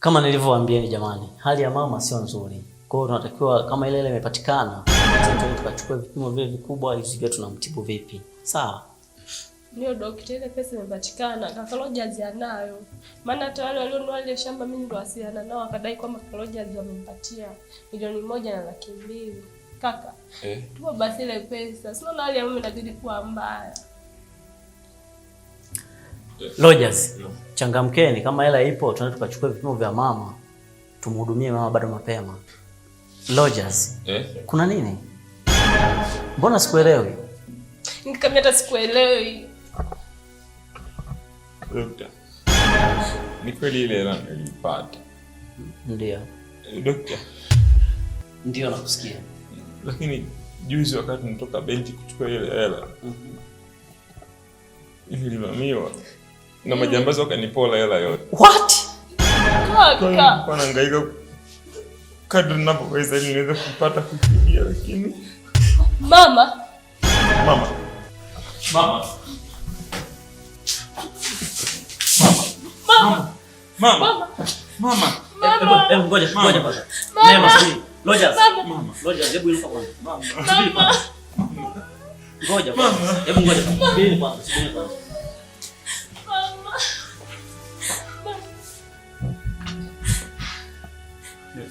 Kama nilivyowaambieni jamani, hali ya mama sio nzuri. Kwa hiyo tunatakiwa kama ile ile imepatikana, tukachukua vipimo vile vikubwa ili tujue tunamtibu vipi. Sawa? Ndio dokta, ile pesa imepatikana, kakaloja zianayo. Maana hata wale walionunua ile shamba mimi ndo asiana nao akadai kwamba kakaloja zimempatia milioni moja na laki mbili. Kaka, eh, tupo basi ile pesa. Sio hali ya mimi inabidi kuwa mbaya. Rogers, changamkeni, kama hela ipo tuende tukachukue vipimo vya mama tumhudumie mama bado mapema. Rogers, eh? kuna nini? Mbona sikuelewi? Nikamwambia hata sikuelewi. Dokta, ni kweli ile hela nilipata? Ndio. Dokta, ndio nakusikia. Lakini juzi wakati nitoka benki kuchukua ile hela, nilivamiwa. Mhm na majambazi wakanipola hela yote. What? Kaka. Kwa nangaika kadri ninavyoweza ili niweze kupata kukimbia lakini Mama. Mama. Mama. Mama. Mama. Mama. Mama. Hebu ngoja, ngoja basi. Neema subiri. Ngoja. Mama. Ngoja, hebu inuka kwanza. Mama. Ngoja basi. Hebu ngoja. Subiri kwanza, subiri kwanza.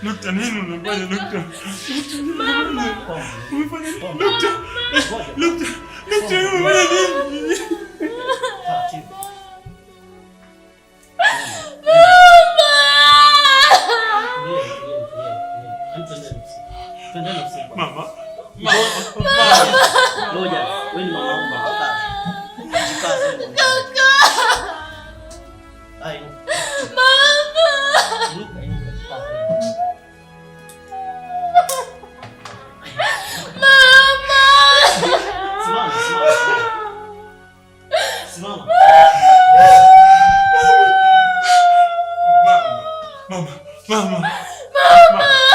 No te lucha, no lucha, lucha, lucha, no. lucha, ¡Mamá! Mama! Mama! Mama!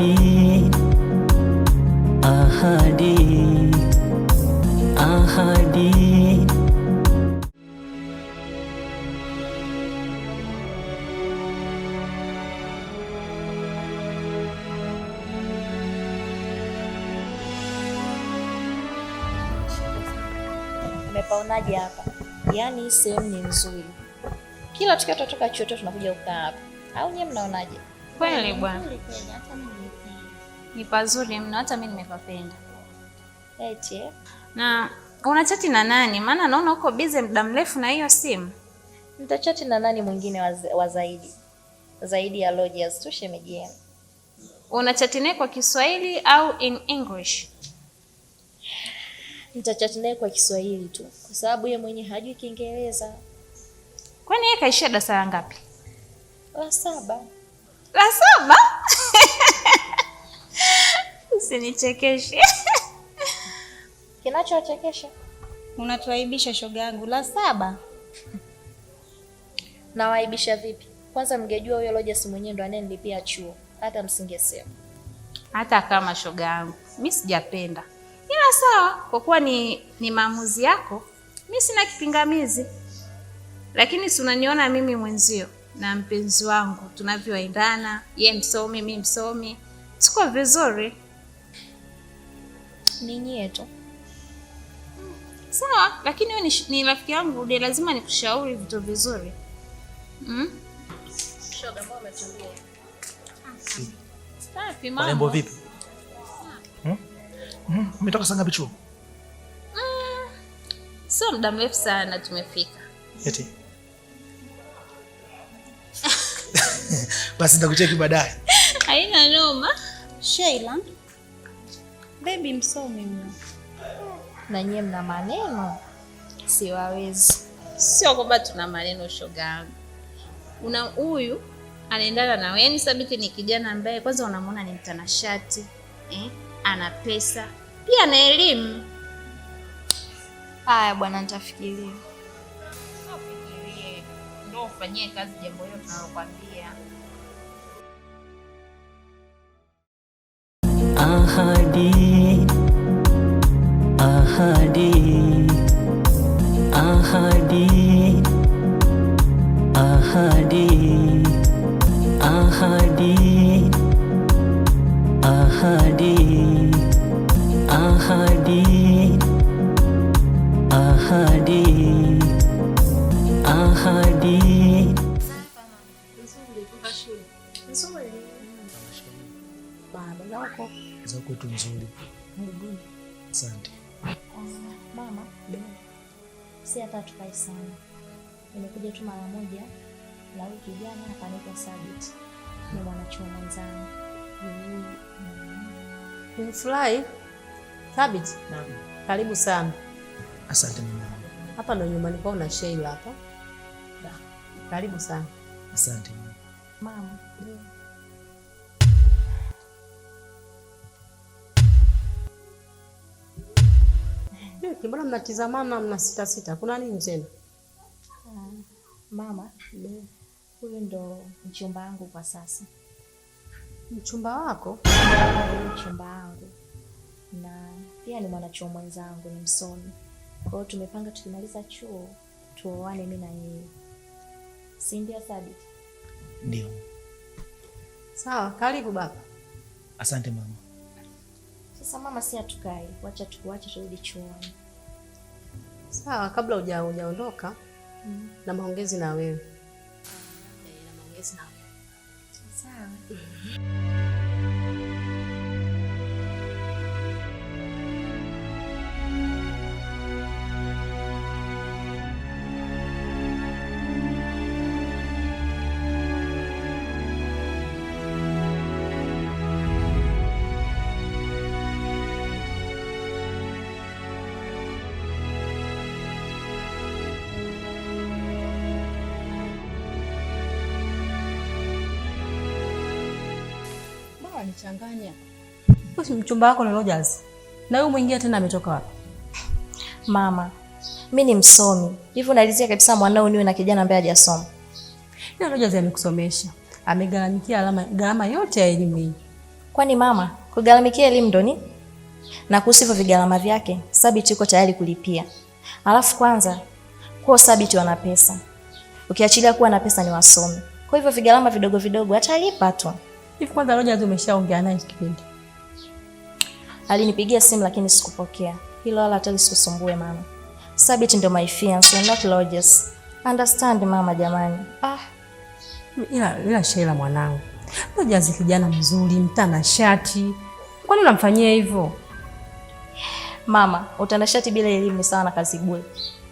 ahadi, ahadi, ahadi. Umepaonaje hapa? Yaani sehemu ni nzuri, kila tukiwa tunatoka chuo tunakuja kukaa hapa, au nyie mnaonaje? Kweli bwana. Ni pazuri mno, hata mimi nimepapenda. Eti na unachati na nani? Maana naona uko bize muda mrefu na hiyo simu. Nitachati na nani mwingine wa zaidi zaidi ya Lojas tu, shemeji yangu? Unachati naye kwa Kiswahili au in English? Nitachati naye kwa Kiswahili tu, kwa sababu yeye mwenyewe hajui Kiingereza. Kwani yeye kaishia darasa la ngapi? La saba. La saba? Usinichekeshe. Kinachochekesha? unatuaibisha, shoga yangu. La saba nawaibisha vipi? Kwanza mngejua huyo Loja mwenyewe ndo anayenilipia chuo, hata msingesema. Hata kama shoga yangu, mi sijapenda, ila sawa, kwa kuwa ni, ni maamuzi yako, mi sina kipingamizi. Lakini si unaniona mimi mwenzio na mpenzi wangu tunavyoendana, ye msomi, mi msomi, tuko vizuri nini yetu sawa, lakini wewe ni rafiki yangu ni lazima nikushauri vitu vizuri mm? Shoga, Mambo vipi? Hmm? Hmm? Umetoka sangapi chuo? Hmm, sio muda mrefu sana tumefika. Eti. Basi nitakucheki baadaye. Haina noma. Sheila, Bebi msomi mno, na nyie mna maneno siwawezi. Sio kwamba tuna maneno, shoga yangu, una huyu anaendana na wewe. Yaani ni kijana ambaye kwanza unamwona ni mtanashati eh? Ana pesa pia na elimu. Haya bwana, nitafikiria. Ufikirie ndio ufanyie kazi jambo hilo tunalokwambia. Ahadi ahadi, ahadi, ahadi, ahadi, ahadi, ahadi, ahadi, ahadi. za kwetu nzuri. Asante mama, si hata tukae sana, nimekuja tu mara moja la wiki jana, akanipa Sabit na mwanachuo mwenzangu. Nimefurahi. Sabit, karibu sana. Asante mama. Hapa ndo nyumbani kwao na Sheila hapa. Karibu sana. Asante mama. Mama. Lakini mbona mnatizamana mna sita sita? Kuna nini tena? Ah, mama, huyu ndo mchumba wangu kwa sasa. Mchumba wako? Mchumba wangu na pia ni mwanachuo mwenzangu, ni msomi. Kwa hiyo tumepanga tukimaliza chuo tuoane mimi na yeye, si ndio Thabiti? Ndio. Sawa, karibu baba. Asante mama. Sasa mama, si hatukai, wacha tukuache turudi chuoni. Sawa, kabla hujaondoka ujaondoka mm. na maongezi na wewe ah, eh, na maongezi na wewe. Sawa. unanichanganya. Mchumba wako ni Rogers. Na huyu mwingine tena ametoka wapi? Mama, mimi ni msomi. Hivi unalizia kabisa mwanao niwe na kijana ambaye hajasoma. Yule Rogers amekusomesha. Amegharamikia alama gharama yote ya elimu hii. Kwani mama, kugharamikia elimu ndo ni? Na kuhusu hivyo vigharama vyake, Sabiti yuko tayari kulipia. Alafu kwanza, kwa Sabiti wana pesa. Ukiachilia kuwa na pesa ni wasomi. Kwa hivyo vigharama vidogo vidogo atalipa tu. Hivi kwanza Roja umeshaongea naye kipindi? Alinipigia simu lakini sikupokea. Hilo wala hata lisikusumbue mama. Sabit ndio my fiance and not Rogers. Understand mama jamani. Ah. Ila ila Sheila mwanangu. Rogers kijana mzuri, mtanashati. Kwa nini unamfanyia hivyo? Mama, utanashati bila elimu ni sawa na kazi bure.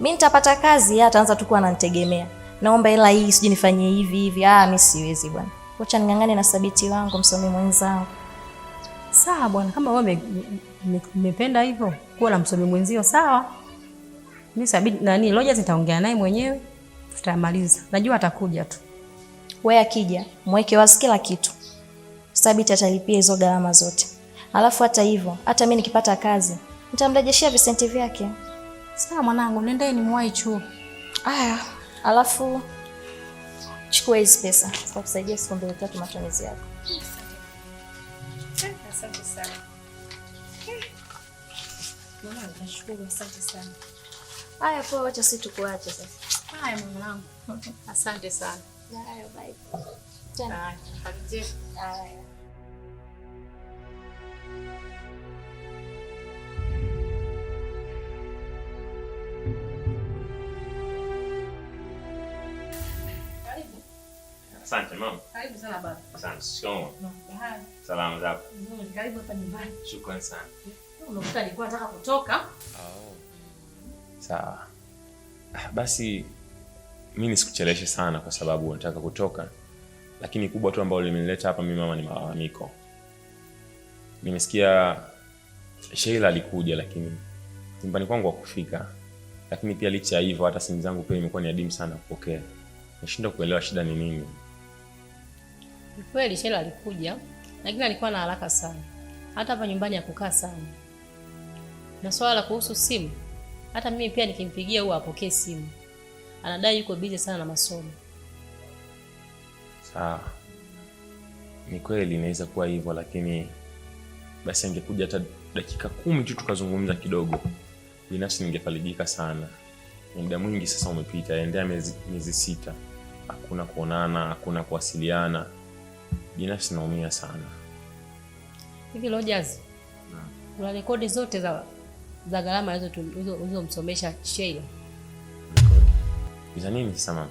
Mimi nitapata kazi, yeye ataanza tu kuwa ananitegemea. Naomba hela hii, sijui nifanyie hivi hivi. Ah, mimi siwezi bwana. Wacha ning'ang'ane na Sabiti wangu msomi mwenzangu. Sawa bwana, kama wewe umependa hivyo kuwa na msomi mwenzio sawa. Mimi Sabiti nani loja zitaongea naye mwenyewe, tutamaliza. Najua atakuja tu. Wewe akija, mweke wazi kila kitu. Sabiti atalipia hizo gharama zote. Alafu hata hivyo, hata mimi nikipata kazi, nitamrejeshia visenti vyake. Sawa mwanangu, nendeni mwai chuo. Aya, alafu Chukua hizi pesa zitakusaidia siku mbili tatu matumizi yako. Asante sana. Mama, nashukuru, asante sana. Haya, poa, wacha si tukuache sasa. Haya mwanangu. Asante sana. Haya, bye. Tena. Haya. Asante mama. Karibu sana baba. Asante. Shikamoo. Salamu zako. Nzuri. Karibu hapa nyumbani. Shukrani sana. Unakuta nilikuwa nataka kutoka. Oh. Sawa. Ah, Basi mimi nisikucheleshe sana kwa sababu nataka kutoka, lakini kubwa tu ambalo limenileta hapa mimi mama ni malalamiko. Nimesikia Sheila alikuja lakini nyumbani kwangu hakufika, lakini pia licha ya hivyo hata simu zangu pia imekuwa ni adimu sana kupokea. Nashindwa kuelewa shida ni nini. Kweli Shela alikuja, lakini alikuwa na haraka sana, hata hapa nyumbani hakukaa sana. Na swala la kuhusu simu, hata mimi pia nikimpigia huwa apokee simu, anadai yuko bize sana na masomo. Sawa, ni kweli inaweza kuwa hivyo, lakini basi angekuja hata dakika kumi tu tukazungumza kidogo, binafsi ningefarijika sana. Muda mwingi sasa umepita, endea yaani miezi sita, hakuna kuonana, hakuna kuwasiliana. Binafsi naumia sana. Hivi Rogers, una rekodi zote za za gharama ulizomsomesha Sheila? Za nini sasa mama?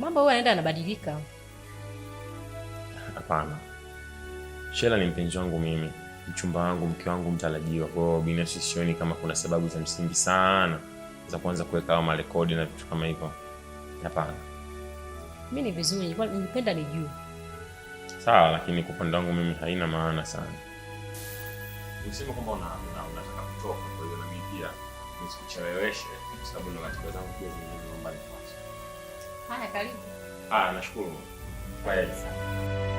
Mambo huwa yanaenda anabadilika. Hapana, Sheila ni mpenzi wangu mimi, mchumba wangu, mke wangu mtarajiwa. Kwa hiyo binafsi sioni kama kuna sababu za msingi sana za kuanza kuweka hao marekodi na vitu kama hivyo. Hapana, mimi ni vizuri, nilipenda nijue sawa, lakini kwa upande wangu mimi haina maana sana. Usema kwamba unataka kutoka, kwa hiyo nami pia nisikucheleweshe, kwa sababu na ratiba zangu pia zingine mbali Haya, karibu. Ah, nashukuru. sana.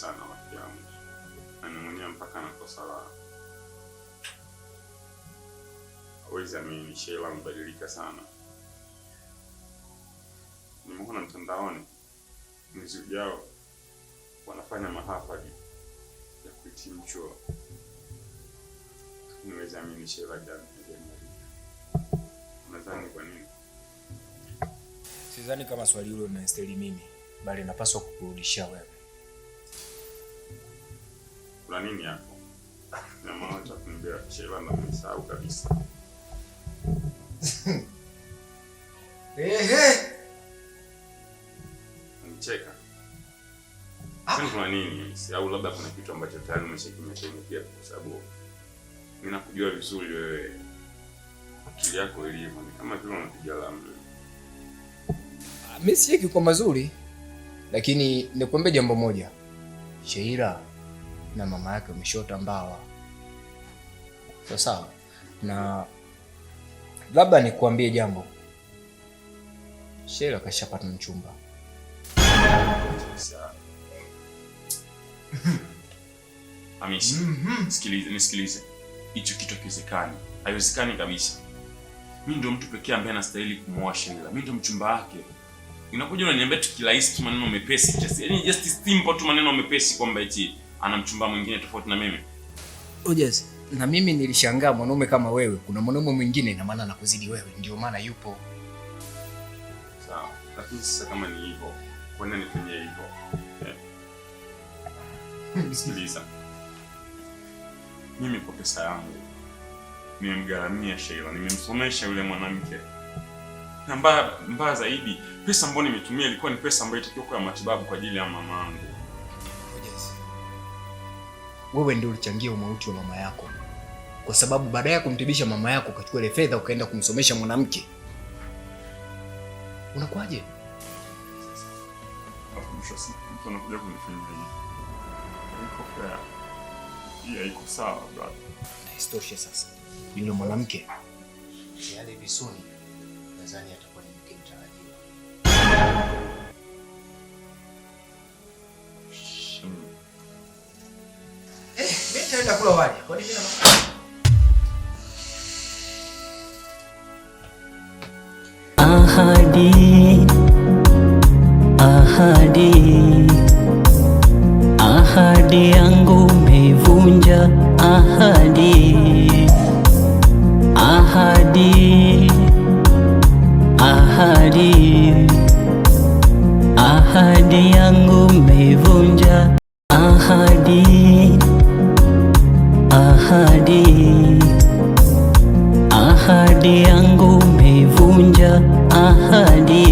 sana rafiki yangu, nami mwenyewe mpaka nakosa raha. Hawezi amini Sheila amebadilika sana. Nimeona mtandaoni mwezi ujao wanafanya mahafali ya kuhitimu chuo. Niwezi amini Sheila jana nadhani kwa nini? Sidhani kama swali hilo linastahili mimi, bali napaswa kukurudishia wewe. Kuna nini hapo? Na mama cha kunibeba chela na kusahau kabisa. Ehe. Mcheka. Ah, kuna nini? Au labda kuna kitu ambacho tayari umeshakimekemekea kwa sababu mimi nakujua vizuri wewe. Akili yako ilivyo ni kama vile unapiga lamu. Ah, mimi sieki kwa mazuri, lakini nikwambie jambo moja. sheira na mama yake umeshota mbawa So, sawa. Na labda nikuambie jambo, Shela kashapata mchumba Hamisi, mhm. sikilize nisikilize, hicho kitu kiwezekani, haiwezekani kabisa. Mi ndio mtu pekee ambaye anastahili kumwoa Sheila, mi ndo mchumba wake. Inakuja unaniambia tukirahisi tu maneno mepesi, just simple tu maneno mepesi kwamba eti ana mchumba mwingine tofauti na mimi. Ojes, na mimi nilishangaa mwanaume kama wewe, kuna mwanaume mwingine ina maana nakuzidi wewe, ndio maana yupo. Sawa, lakini sasa kama ni hivyo, kwa nini nifanye hivyo? Eh. Sikiliza. Mimi kwa pesa yangu nimemgharamia Sheila, nimemsomesha yule mwanamke na mbaya mbaya zaidi, pesa ambayo nimetumia ilikuwa ni pesa ambayo itakiwa kwa matibabu kwa ajili ya mamangu wewe ndio ulichangia umauti wa mama yako, kwa sababu baada ya kumtibisha mama yako ukachukua ile fedha ukaenda kumsomesha mwanamke. Unakuwaje? Na isitoshe sasa, yule mwanamke yale visoni nadhani atakuwa chakula wale. Kwa mimi na Ahadi, ahadi, ahadi yangu mevunja ahadi, ahadi, ahadi, ahadi yangu mevunja ahadi ahadi, ahadi yangu umeivunja, ahadi,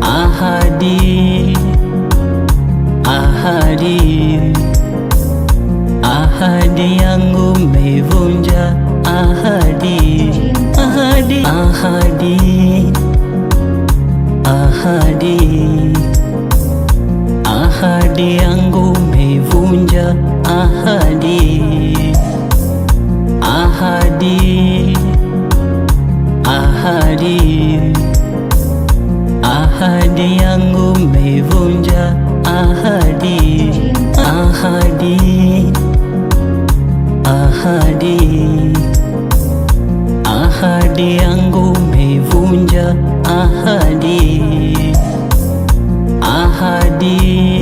ahadi, ahadi, ahadi yangu umeivunja, ahadi, ahadi, ahadi, ahadi ahadi yangu umevunja, ahadi ahadi ahadi ahadi yangu umevunja, ahadi ahadi ahadi ahadi yangu umevunja ahadi ahadi